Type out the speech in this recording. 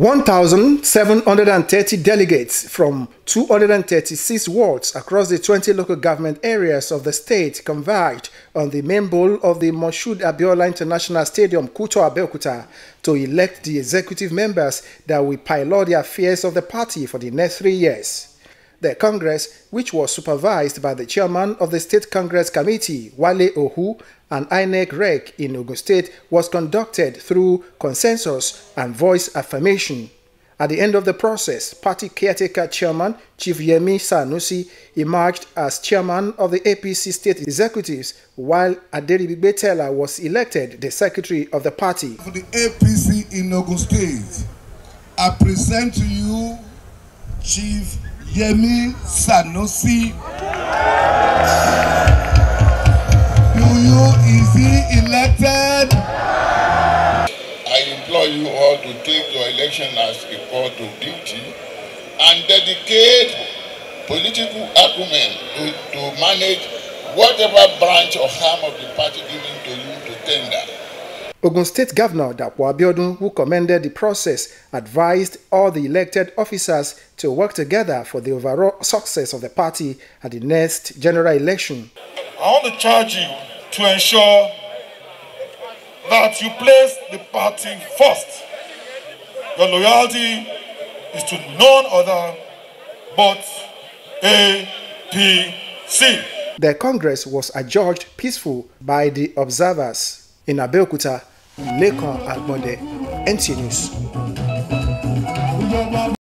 1,730 delegates from 236 wards across the 20 local government areas of the state converged on the main bowl of the Moshood Abiola International Stadium, Kuto Abeokuta, to elect the executive members that will pilot the affairs of the party for the next three years the Congress, which was supervised by the chairman of the State Congress Committee, Wale Ohu, and INEC REC in Ogun State, was conducted through consensus and voice affirmation. At the end of the process, party caretaker chairman Chief Yemi Sanusi emerged as chairman of the APC state executives, while Aderibigbe Betela was elected the secretary of the party. For the APC in Ogun State, I present to you Chief Yemi Sanusi. Do you is he elected? I implore you all to take your election as a call to duty and dedicate political argument to, to manage whatever branch or arm of the party given to you to tender. Ogun State Governor Dapo Abiodun, who commended the process, advised all the elected officers to work together for the overall success of the party at the next general election. I want to charge you to ensure that you place the party first. Your loyalty is to none other but APC. The Congress was adjudged peaceful by the observers. in Abeokuta, Lekan Agbonde, NT News.